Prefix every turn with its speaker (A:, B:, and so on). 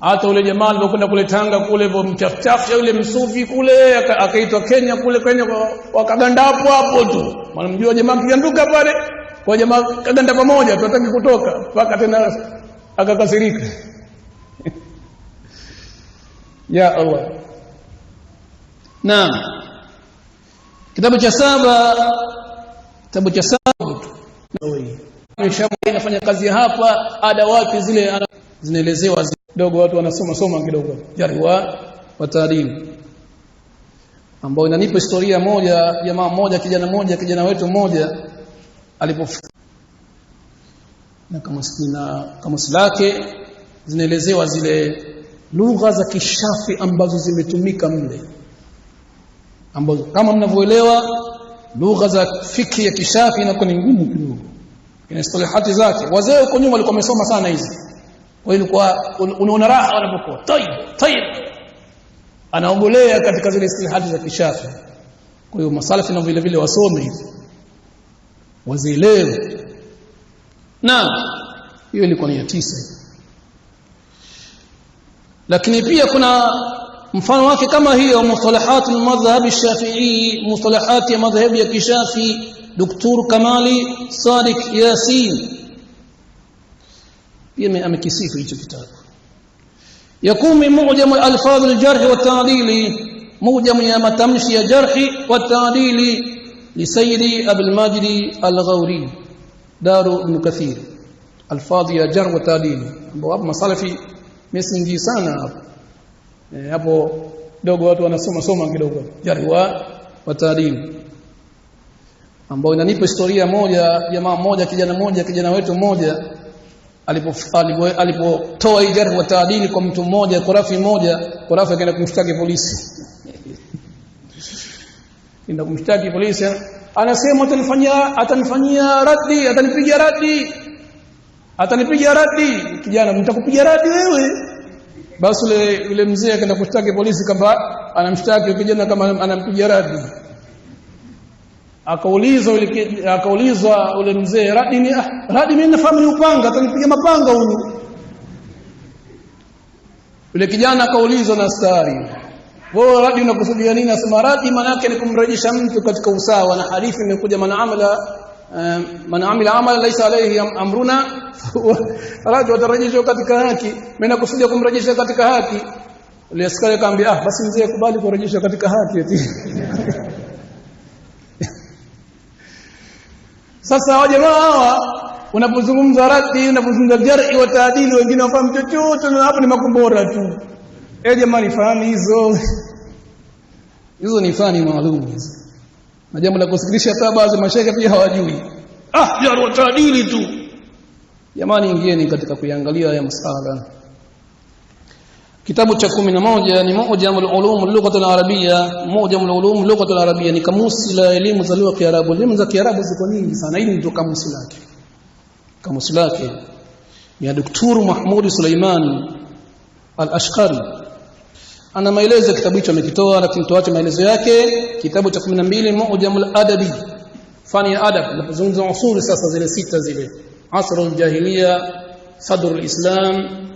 A: hata ule jamaa alipokwenda kule Tanga kule hivyo mchafchafu yule msufi kule akaitwa Kenya kule Kenya wakaganda hapo hapo tu, mwanamjua jamaa kiganduka pale kwa jamaa kaganda pamoja tu, kutoka mpaka tena akakasirika. ya Allah. Naam, kitabu cha saba, kitabu cha saba inafanya kazi hapa, ada wapi zile zinaelezewa dogo watu wanasoma soma kidogo jarhi wa watadil ambao inanipa historia moja jamaa moja kijana moja kijana wetu moja alipofika na kama sina kama silake zinaelezewa zile lugha za kishafi ambazo zimetumika mle ambazo kama mnavyoelewa lugha za fikhi ya kishafi inakuwa ni ngumu kidogo ina istilahati zake wazee huko nyuma walikuwa wamesoma sana hizi ilikuwa unaona raha wanapokuwa tayib tayib anaongolea katika zile istihadi za kishafi kwa hiyo masalafi na vile vile wasome hizi wazielewe na hiyo ilikuwa ni ya tisa lakini pia kuna mfano wake kama hiyo mustalahat madhhab ash-shafi'i mustalahat ya madhhab ya kishafi دكتور كمالي صادق ياسين amekisifu hicho kitabu ya kumi mujamu alfadhu aljarh wa ta'dili mujamu ya matamshi ya jarhi wa ta'dili لسيد أبي الماجد الغوري دار ابن كثير الفاظ ya jar wa ta'dili ambao hapo masalafi mesingi sana hapo dogo watu wanasoma soma kidogo jar wa wa ta'dili ambao inanipa historia moja jamaa mmoja kijana mmoja kijana wetu mmoja alipotoa hii jarh taadili kwa mtu mmoja, korafi moja, korafi akaenda kumshtaki polisi ndio kumshtaki polisi, anasema atanifanyia atanifanyia radi, atanipiga radi, atanipiga radi. Kijana, mtakupiga radi wewe. Basi yule mzee akaenda kushtaki polisi kama anamshtaki kijana kama anampiga radi akaulizwa akaulizwa ule mzee radi ni ah, radi mimi nafahamu ni upanga atanipiga mapanga huyu ule kijana akaulizwa na stari wewe radi unakusudia nini asema radi maana yake ni kumrejesha mtu katika usawa na hadithi imekuja maana amala man amila eh, amala laysa alayhi amruna radi watarejeshwa katika haki mimi nakusudia kumrejesha katika haki ule askari akamwambia ah basi mzee kubali kurejesha katika haki eti Sasa hao jamaa hawa unapozungumza raddi, unapozungumza jar'i wa ta'dil wengine wafahamu chochote, na hapo ni makombora tu. Eh, jamani, fahamu hizo hizo ni fani maalum hizo, na jambo la kusikilisha, taba za mashaka pia hawajui. Ah, jar'i wa ta'dil tu. Jamani, ingieni katika kuiangalia haya masala kitabu cha kumi ni mujamul ulum lugha al-arabia mujamul ulum lugha al-arabia ni kamusi la elimu za lugha ya Kiarabu elimu za Kiarabu ziko nyingi sana hili ndio kamusi lake kamusi lake ya Dr. Mahmud Suleiman al-Ashqari ana maelezo kitabu hicho amekitoa lakini tuache maelezo yake kitabu cha 12 mujamul adabi fani ya adab napozungumza usuli sasa zile sita zile asrul jahiliya sadrul islam